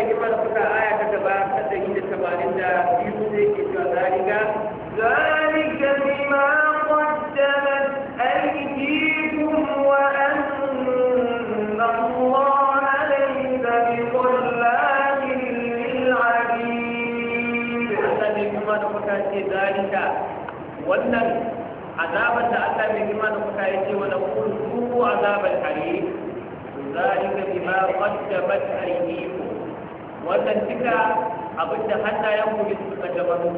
mai girma da kuka aya ta gaba ta ɗari da tamanin da biyu zai ke cewa zalika zalika bima qaddamat aydikum wa anna Allah laysa biqallamin lil abid sai kuma da kuka ce zalika wannan azaban da Allah mai girma da kuka yake wa lahu azaban harim ذلك بما قدمت أيديكم wannan duka abin da hannayen mu suka gabaru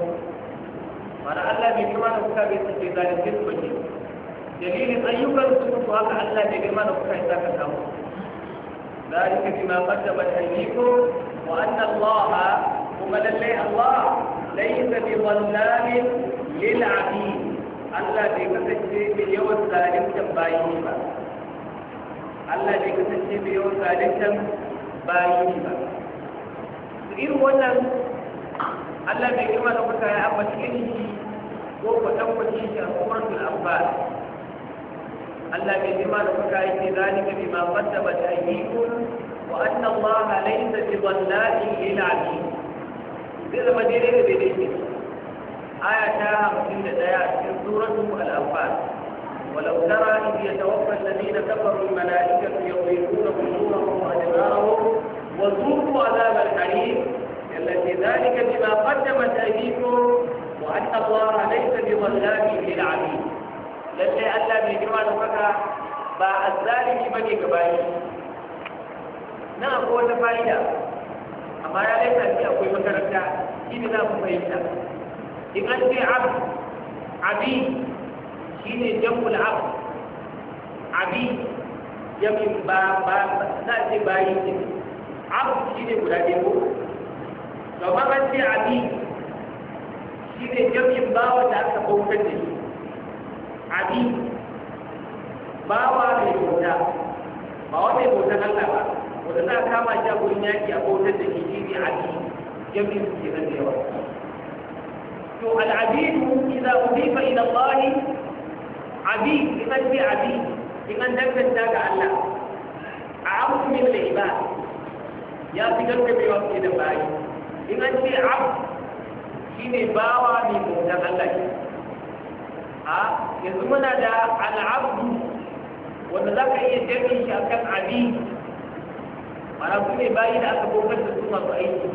mana Allah bai kima da kuka bai sace zalunci su ne dalilin ayyukan su ko haka Allah bai kima da kuka isa ka samu ذلك بما قدمت أيديكم وأن الله هم لله الله ليس بظلام للعبيد Allah bai kasance mai yawan zalimtan bayi ba Allah bai kasance mai yawan zalimtan bayi ba irin wannan Allah bai girma da kuka ya ambaci irin shi ko ku tabbaci shi a suratul anfal Allah bai girma da kuka ya ce zalika bima qaddamat aydikum wa annan ma anna Allah laysa bi dhallamin lil abid zai zama daidai da daidai ne aya ta 51 cikin suratul anfal ولو ترى إذ يتوفى bane ga bayi na akwai wata fa'ida amma ya laifin ce akwai makaranta shi ne za ku fahimta in an ce abu abi shi ne jamul abu abi yamin ba ba na ce bayi ne abu shi ne guda ɗaya ko to ma an ce abi shi ne jamin bawa da aka bautar da shi abi bawa mai bauta ba wa mai bauta Allah ba wanda za a kama shi a gurin yaki a bautar da ke jiri a ciki jami'in su ke nan da yawa to al'abidu idza udifa ila Allah abi idan bi abi idan danganta ga Allah a abu min da iba ya fi dangantawa ke da bayi idan ce abu shine bawa mai bautar Allah a yanzu muna da al'abdu wanda za ka iya jami'in shi kan abi mara su ne bayi da aka gogar da su masu aiki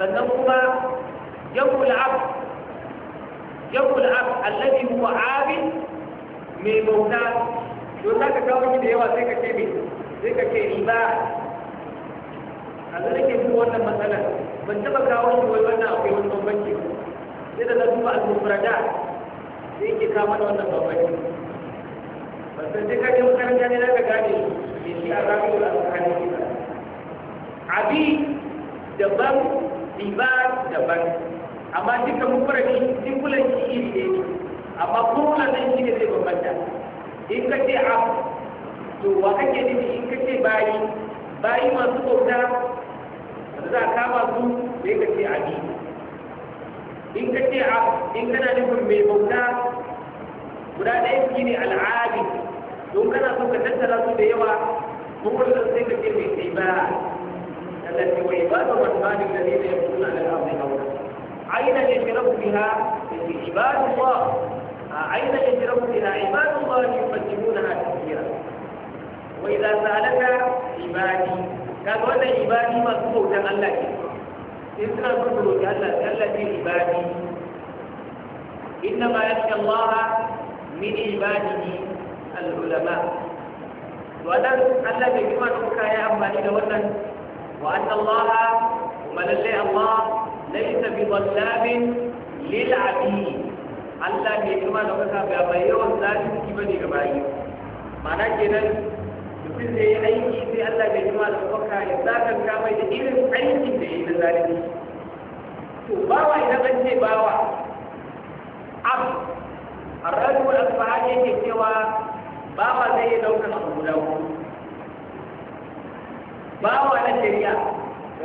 sannan kuma jamul abu jamul ab allazi huwa abin mai bauta don za ka kawo da yawa sai ka ce mai sai ka ce riba a zai ke fi wannan matsalar ban taɓa kawo shi wai wannan akwai wani bambanci sai da na ba al-mufrada sai kama da wannan bambanci basan duka ɗin makaranta na daga gane da shi a zaɓi da alƙali kisa abi daban riba daban amma duka mun jimbulan shi iri ne amma kuma nan shi ne zai bambanta in ka ce a, to wa kake nufi in ka ce bayi bayi masu bauta za a kama su sai ka ce abi in ka ce a, in kana nufin mai bauta guda ɗaya shi ne al'ada da yawa mun kullum التي وعباد الرحمن الذين يكون على الأرض حولا عينا يشرب بها عباد الله آه، عينا يشرب بها عباد الله يفجرونها كثيرا وإذا سألك عبادي كان هذا عبادي مذكور كان الله إذن الرسل كان الله عبادي إنما يخشى الله من عباده العلماء to anan Allah bai kuma kuka ya amfani da wannan wa anna Allah kuma lalle Allah laysa bi dhallabin lil abid Allah bai kuma da kuka ba bai yawan zalunci bane ga bayi ma'ana kenan mutum da ya aiki sai Allah bai kuma da kuka ya zakanta mai da irin aikin da ya yi na zalunci to bawa idan an ce bawa abu الرجل الصحابي يقول bawa zai yi daukar su guda hudu bawa na shari'a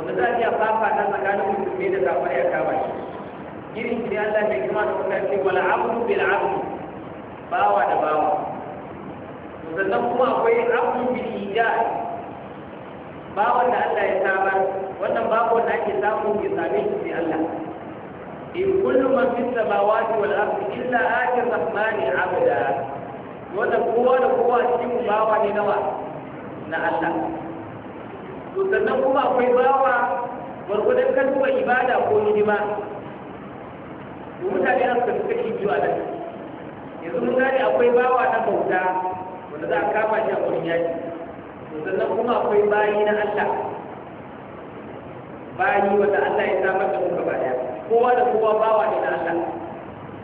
mu za a iya na tsakanin musulmi da zafar ya kama shi irin shi Allah mai kima da kuka ce wala abdu bil abu. bawa da bawa sannan kuma akwai abu bil ijaz bawa da Allah ya samar wannan babu da ake samu ke same shi sai Allah in kullu man fis samawati wal ardi illa tsammani rahmani abda bawa cikin bawa ne nawa na Allah to sannan kuma akwai bawa gwargwadon kalmar ibada ko hidima to mutane an suka suka biyu a nan yanzu mun gane akwai bawa na bauta wanda za a kama shi a wurin yaki to sannan kuma akwai bayi na Allah bayi wanda Allah ya samar da muka baya kowa da kowa bawa ne na Allah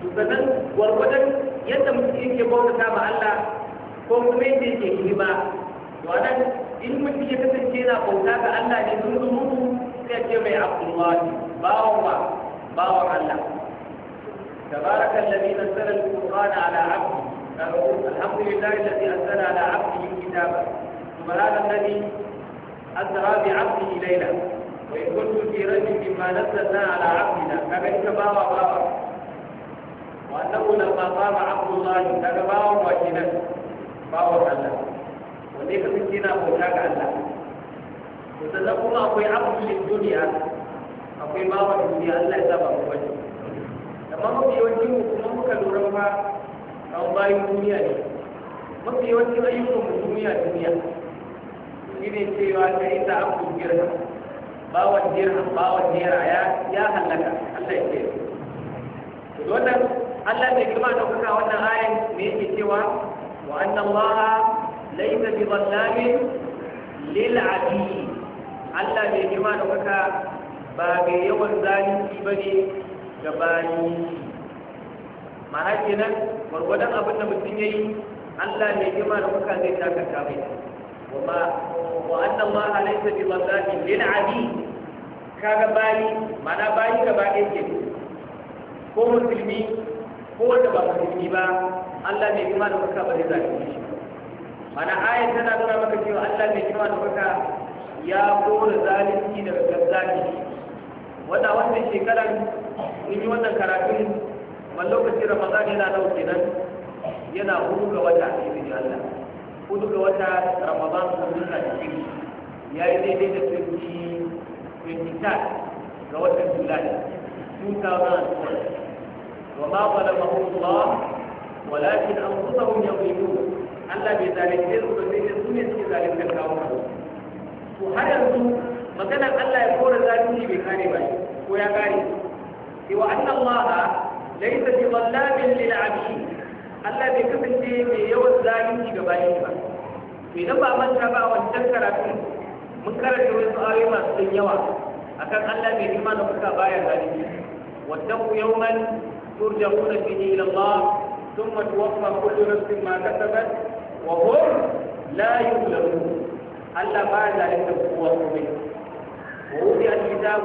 to sannan gwargwadon yadda mutum yake bauta ma Allah ko kuma yadda yake hima to anan in mutum ya kasance yana bauta ga Allah ne don zunubu sai ce mai abdullahi bawan wa bawan Allah تبارك الذي نزل القرآن على عبده الحمد لله الذي أنزل على عبده كتابا سبحان الذي أسرى بعبده ليلا وإن كنت في رجل مما نزلنا على عبدنا فبئس باوى باوى وأنه لما قام عبد الله كان باوى واجدا bawan Allah wanda ya kasance yana bauta ga Allah to sannan kuma akwai abdulin duniya akwai bawan duniya Allah ya sa ba wani amma mafi yawanci mu kuma muka lura fa an bayin duniya ne mafi yi ayyukan mu duniya duniya shi ne cewa ta ta abdul girma bawan dirham bawan naira ya ya halaka Allah ya ce to wannan Allah ne girma da kuka wannan ayan ne yake cewa وأن الله ليس بظلام للعبيد Allah mai girma da kuka ba mai yawan zalunci ba ne ga bayi mana kenan gwargwadon abin da mutum ya yi Allah mai girma da kuka zai takanta mai kuma wa annan ma alaisa bi mazalin lil abi ga bayi mana bayi gaba ɗaya ke ko musulmi ko wanda ba musulmi ba Allah mai girma da baka ba zai zalunce shi mana ayat tana nuna maka cewa Allah mai girma da baka ya kore zalunci daga gazzaki wanda wannan shekarar in yi wannan karatun wani lokaci ramadan yana nau kenan yana hudu ga wata a cikin Allah hudu ga wata ramadan sun duka cikin ya yi daidai da 20 ga watan julai 2012 wa ma zalamahum Allah walakin an kusa hun ya mulimu Allah bai zalunce su ba sai dai su ne suke zalunta kawo to har yanzu maganar Allah ya kora zalunci bai kare ba ko ya kare sai wa anna Allah laysa bi zallamin lil abid Allah bai kasance mai yawan zalunci ga bayi ba to idan ba manta ba wancan karatu mun karanta wasu ayoyi masu yawa akan Allah mai nima da kuka baya zalunci wattaqu yawman turja'una fihi ila Allah ثم توفى كل نفس ما كسبت وهم لا يظلمون ألا ما ذلك هو قبل ووضع الكتاب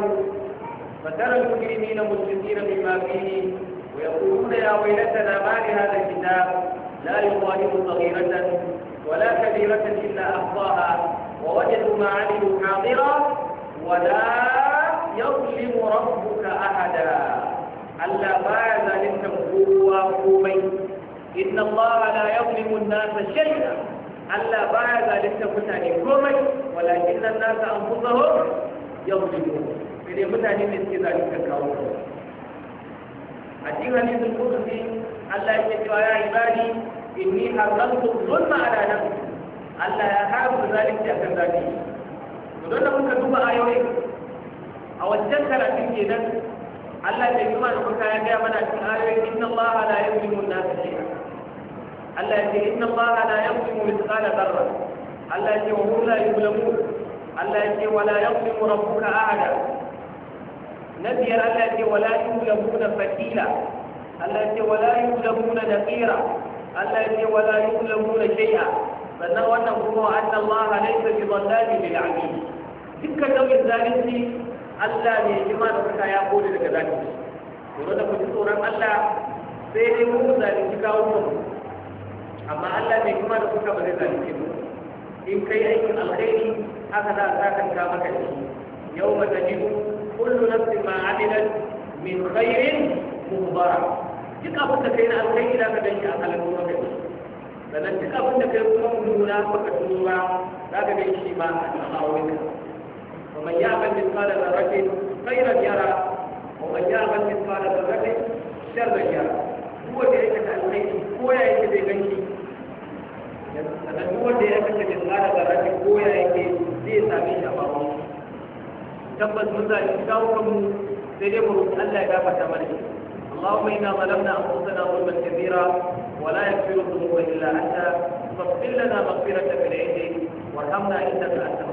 فترى المجرمين مشركين مما فيه ويقولون يا ويلتنا ما لهذا الكتاب لا يغادر صغيرة ولا كبيرة إلا أخطاها ووجدوا ما عملوا حاضرا ولا يظلم ربك أحدا Allah baya zalunta kowa komai inna Allah la yuzlimu an-nasa shay'a Allah baya zalunta mutane komai walakin an-nasa anfusahum yuzlimun sai dai mutane ne suke zalunta kawo a cikin hadisin kudusi Allah ya ce ya ibadi inni haramtu zulma ala nafsi Allah ya haramta zalunci akan zalunci don da muka duba ayoyi a wancan karatun kenan Allah da kuma da kuka ya gaya mana cikin ayoyi inna Allah la yuzlimu an-nas shay'a Allah ya ce inna Allah la yuzlimu mithqala dharra Allah ya ce wa hum la yuzlamun Allah ya ce wa la yuzlimu rabbuka ahada nabiyar Allah ya ce wa la yuzlamuna fatila Allah ya ce wa la yuzlamuna naqira Allah ya ce wa la yuzlamuna shay'a sannan wannan kuma anna Allah laysa bi dhallamin lil 'abid dukkan nau'in zalunci Allah ne ma da suka ya kone daga zafi. to da ku tsoron Allah sai dai mu kika kawo mu amma Allah ne ma da suka ba zai zalunci mu in kai aikin alkhairi haka za a sakan ka maka shi yau ma tajibu kullu nafsin ma amilat min khairin mubara duk abin da kai na alkhairi za ka danki a kalan kuma kai sannan duk abin da kai kuma mummuna baka ba, za ka shi ma a cikin aure ومن يعمل مثقال ذرة خيرا يرى ومن يعمل مثقال ذرة شرا يرى هو اللي يكتب الخير هو اللي يكتب هو sannan مثقال wanda هو kashe bin tsara da rafi ko ya yake zai same shi اللهم إنا ظلمنا أنفسنا ظلما كثيرا ولا يغفر الذنوب إلا أنت فاغفر لنا مغفرة من عندك وارحمنا إنك أنت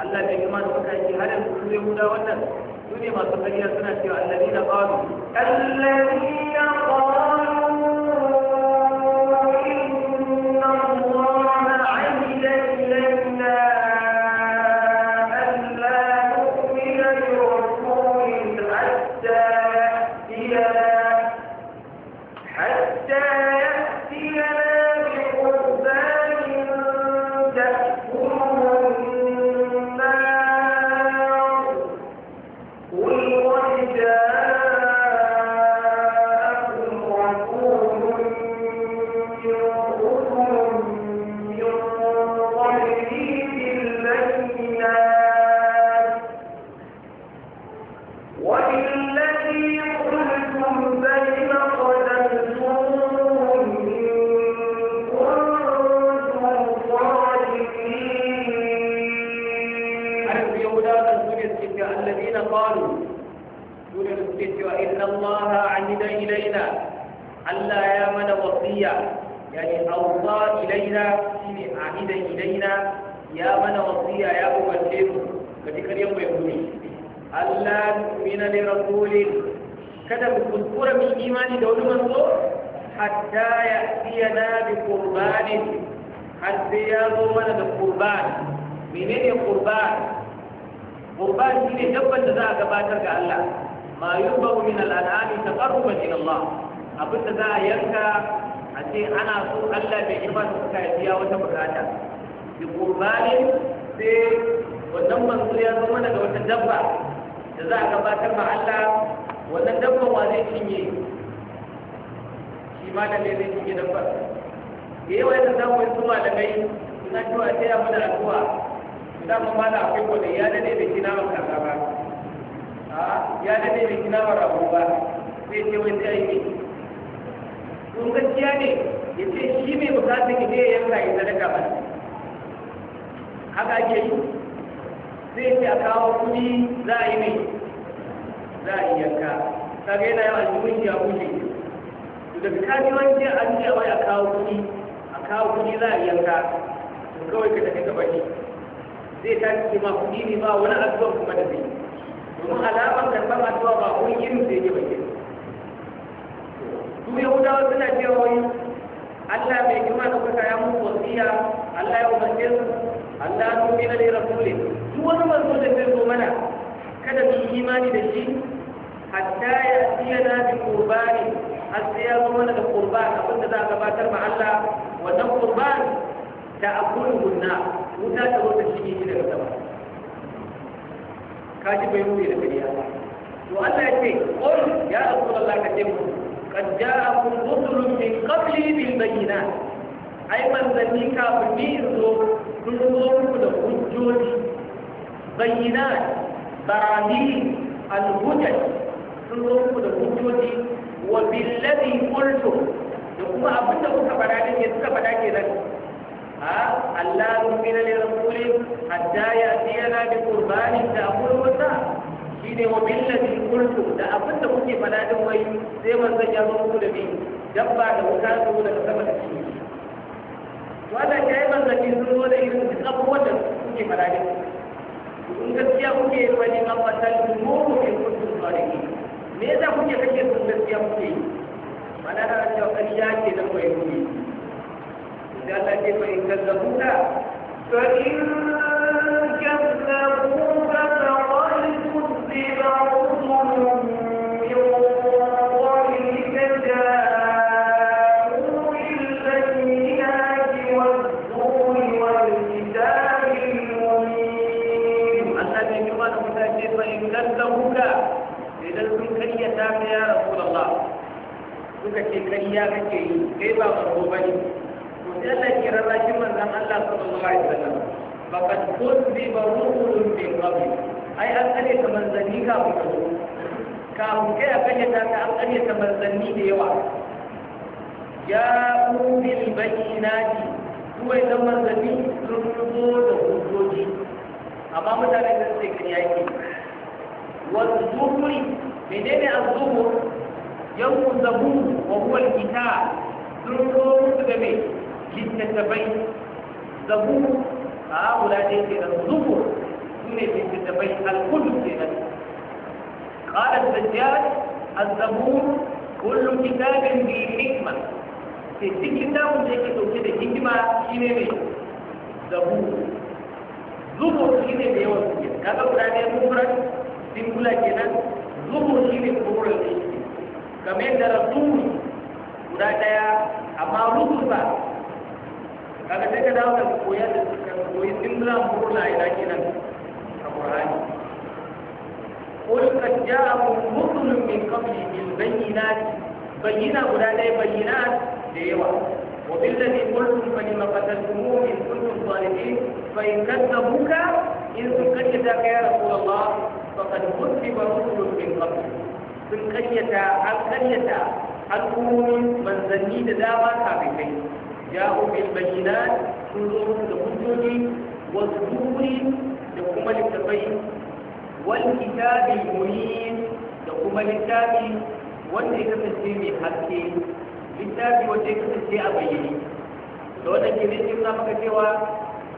Allah ya kuma da suka yi har yanzu su Yahuda wannan su masu ƙarya suna cewa allazina qalu allazina bayyana bi qurbanin har sai ya zo mana da qurban menene qurban qurban shine dabban da za a gabatar ga Allah ma yubahu min al-an'ami taqarruban ila Allah abin da za a yanka a ce ana so Allah bai girma da suka biya wata bukata bi qurbanin sai wannan manzo ya zo mana da wata dabba da za a gabatar ma Allah wannan dabban wa zai cinye imanin ne zai cike da yawa za mu yi su malamai suna cewa ta yi addu'a za mu ma da akwai ya ya dade da kina rabu ba zai ce wai yi ne ya ce shi mai bukatar ki ne ya yanka ya sadaka ba haka ake yi zai ce kawo kuɗi za a yi mai za a yi yanka kaga yana ya daga kasuwanci an ce wai a kawo kuɗi a kawo kuɗi za a yanka to kawai ka tafi gaba ne zai tashi ma kuɗi ne ba wani addu'a kuma da zai domin alamar karɓar addu'a ba wani irin zai yi ba ke su yahudawa suna cewa wai Allah mai girma da kuka ya mutu wasiya Allah ya umarce su Allah ya tumina da rasulin duk wani manzo da zai zo mana kada yi imani da shi hatta ya siya tiyana bi kurbani. har sai ya zo mana da qurban abinda za a gabatar ma Allah wannan qurban ta akulu gunna wuta ta zo ta shige shi daga sama ka ji bai nuni da kariya to Allah ya ce qul ya rasulullah ka ce mu qad ja'akum rusulun min qabli bil bayyinat ai manzanni kafin ni in zo kun zo muku da hujjoji bayyinat barani al-hujaj sun zo muku da hujjoji wa billazi qultu da kuma abin da kuka faɗa din ne suka faɗa kenan ha Allah yu'mina lil rasuli hatta ya'tiyana bi qurbanin ta'kulu wa shine wa billazi qultu da abin da kuke faɗa din wai sai manzon ya zo muku da bi dabba da wuta ka wuta da sama da shi wanda ta yi manzanni sun zo da irin duk abubuwan da kuke faɗa din in gaskiya kuke wani mafatan mu kuke me yasa kuke kake sun gaskiya kuke yi mana da cewa ƙarya ke da kwaye kuke da Allah ce fa in kazzabuka fa in faqad kuzziba rusulun min qabl ai an kare ta manzanni ka ku ka mu kai akan ta an kare ta manzanni da yawa ya ubil bayyinati kuma idan manzanni sun rubo da hujjoji amma mutane sun sai kan yaki wasu zukuri menene azzuhur yawmu zabur wa huwa alkitab sun rubo musu da me littattafai zabur هؤلاء كده الظهر من الكتابين الكل كده قال السجاد الزبور كل كتاب ذي حكمة في كتاب ده كده حكمة شنو ne zabur zubur shine da yawan suke kaga guda ne mufrad singular kenan zubur shine plural ne kamar yadda rasulu guda daya amma rusul ba kaga sai ka dawo ka koyar da koyi simla murla ila kinan a qur'ani qul qad ja'akum rusulun min qabli bil bayyinati bayyina guda dai bayyinat da yawa wa bil ladhi qultum fa lima qataltumuhu in kuntum salihin fa in kadzabuka in sun kaddata ya rasulullah faqad kutiba rusulun min qabli sun kaddata an kaddata al'ummomin manzanni da dama kafin kai ja'u bil bayyinat sun zo musu da hujjoji wa zuburi da kuma littafai wal kitabil da kuma littafi wanda ya kasance mai haske littafi wanda ya kasance a bayyane da wannan ke zai nuna maka cewa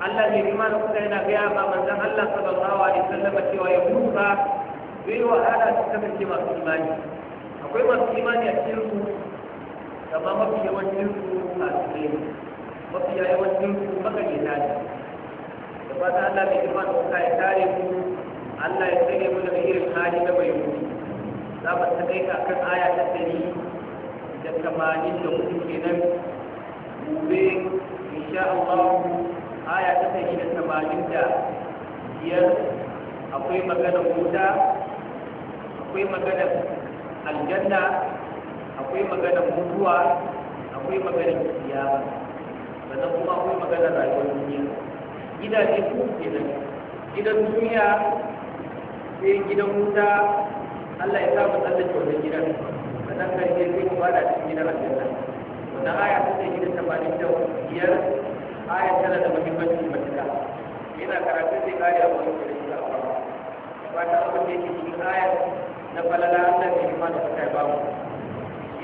Allah ne rima da yana gaya ma manzon Allah sallallahu alaihi wasallam cewa ya wahala akwai masu imani a cikin kama mafi yawancin su kasuwe ne mafi yawancin su makaryata ne da fata Allah mai girma da kuka ya tare ku. Allah ya tsaye mu daga irin hali na mai mutu za mu ta kai ka kan aya ta tsari da tamanin da ke nan. gobe insha Allah aya ta tsari da tamanin da biyar akwai maganar wuta akwai maganar aljanna akwai maganar mutuwa akwai maganar kiyama sannan kuma akwai maganar rayuwar duniya gidaje ko nan gidan duniya sai gidan wuta Allah ya sa mu tsallake wannan gidan sannan ne sai ba bada cikin gidan aljanna wannan aya ta ce gidan tamanin da biyar aya tana da muhimmanci matuƙa yana karatu sai kare a wani shi da ba ta abin da yake cikin aya na falala Allah ne ma da suka ba babu.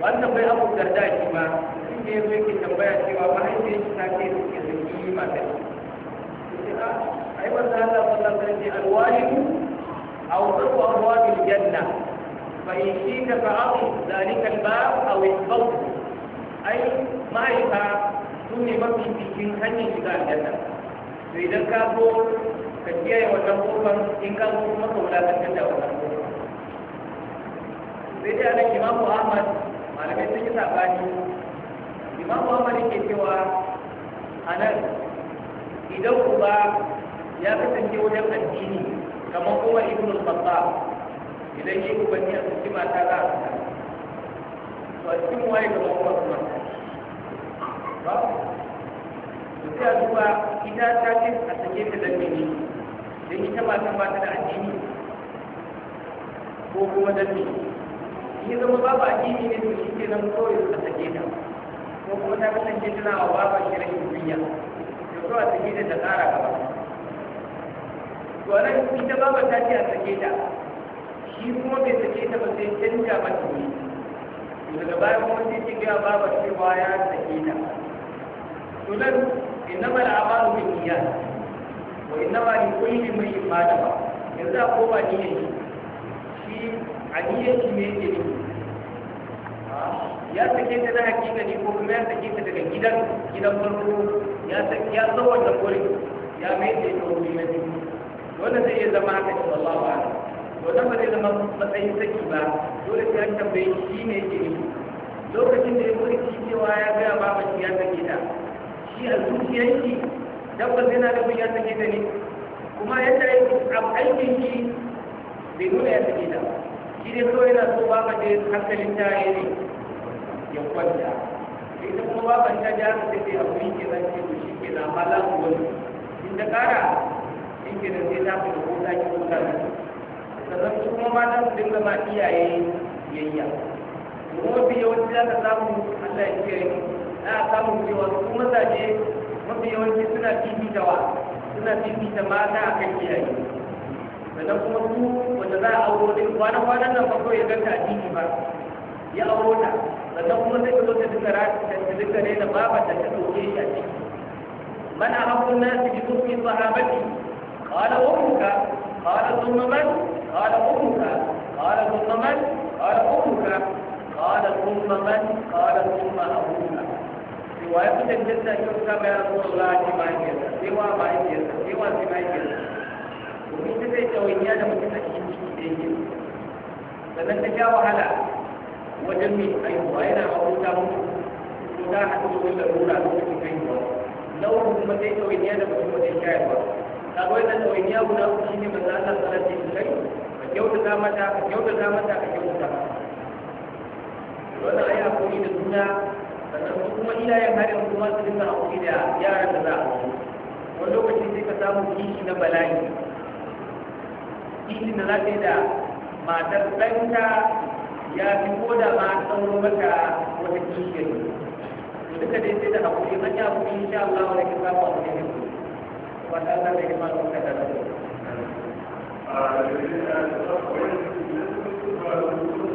wannan bai abu da shi ma shi ne zo yake tambaya cewa mahaifiyar shi ta ce su ke zaki mata yi a ai wanda Allah sallallahu alaihi wasallam alwalidu aw rabu abwabil janna fa in shi ka fa'ati zalika ba a al-fawt ai mahaifa sun ne mafi cikin hanyar shiga aljanna to idan ka zo ka kiyaye wannan kofar in ka zo kuma ka wulakantar da wannan kofar sai dai anan imamu ahmad malamai sun yi sabani imam muhammad ke cewa a nan idan ba ya kasance wajen addini kamar kuma ibn al-khattab idan yi ubanni a cikin mata za a fita to a cikin waye ga kuma kuma ba to sai a duba ita ta ce a sake ta da mene dan ita matan ba ta da addini ko kuma dan ya zama babu addini ne to shi ke nan kawai a sake ta ko kuma ta kasance tana wa babu shi rashin duniya da kawai a sake ta ta tsara gaba to a nan ita babu ta ce a sake ta shi kuma bai sake ta ba sai canja mata ne daga baya kuma sai ce gaya babu cewa ya sake ta to nan innama al'amalu bin niyyat wa innama li kulli imrin ma ba, yanzu a koma niyyar shi aniyarki me yake ne ya ta sake ta na hakika ne ko kuma ya sake ta daga gidan gidan farko ya sake ya tsawon da kore ya mai da ita wuri na biyu wannan zai iya zama haka shi wallahu a'lam wannan ba zai zama matsayin saki ba dole sai an tambaye shi ne ke ne lokacin da ya mulki cewa ya gaya ba shi ya ta sake ta shi a zuciyarki tabbas yana da ya ta sake ta ne kuma yadda aikin shi bai nuna ya ta sake ta ba shi ne so yana so ba ka je hankalin jaye ne ya kwanta ita kuma ba ka ta jara ta ce abu yi zan ce to shi ke na mala wani in ta kara shi ke da zai ta fi da kota ki da ne sannan su kuma mata su dinga ma iyaye biyayya kuma mafi yawanci za ka samu Allah ya kiyaye za a samu cewa su mazaje mafi yawanci suna fifita wa suna fifita mata a kan iyaye sannan kuma su wanda za a auro din kwanan kwanan nan farko ya ganta a titi ba ya auro ta sannan kuma sai zo ta duka rata ta duka ne da babar da ta doke shi a ciki man a hakun nasu bi kufi sahabati qala ummuka qala thumma man qala ummuka qala thumma man qala ummuka qala thumma man qala thumma abuka cewa ya fitan jinta kyauta bayan rasulullah ne mahaifiyarsa sai wa mahaifiyarsa sai wa sai mahaifiyarsa domin ta zai tawaiya da mutum a cikin yake sannan ta sha wahala wajen mai haihuwa yana mabuta mutu ko ta haɗu da wani larura lokacin haihuwa nau'in kuma sai ɗawainiya da mutum wajen shayarwa ta da ɗawainiya guda uku shi ne manzo Allah sallallahu alaihi wasallam ka kyautata mata ka kyautata mata ka kyautata mata wannan ayi hakuri da juna sannan su kuma iyayen har yanzu kuma su dinga hakuri da yaran da za a wani lokaci sai ka samu kishi na bala'i cikin da za da matar ɗanka ya fi ko da ma sauro maka wata kishiyar duka dai sai da haƙuri manya haƙuri insha Allah wani kin samu abu ne ba ta Allah da ma kuka da lafiya.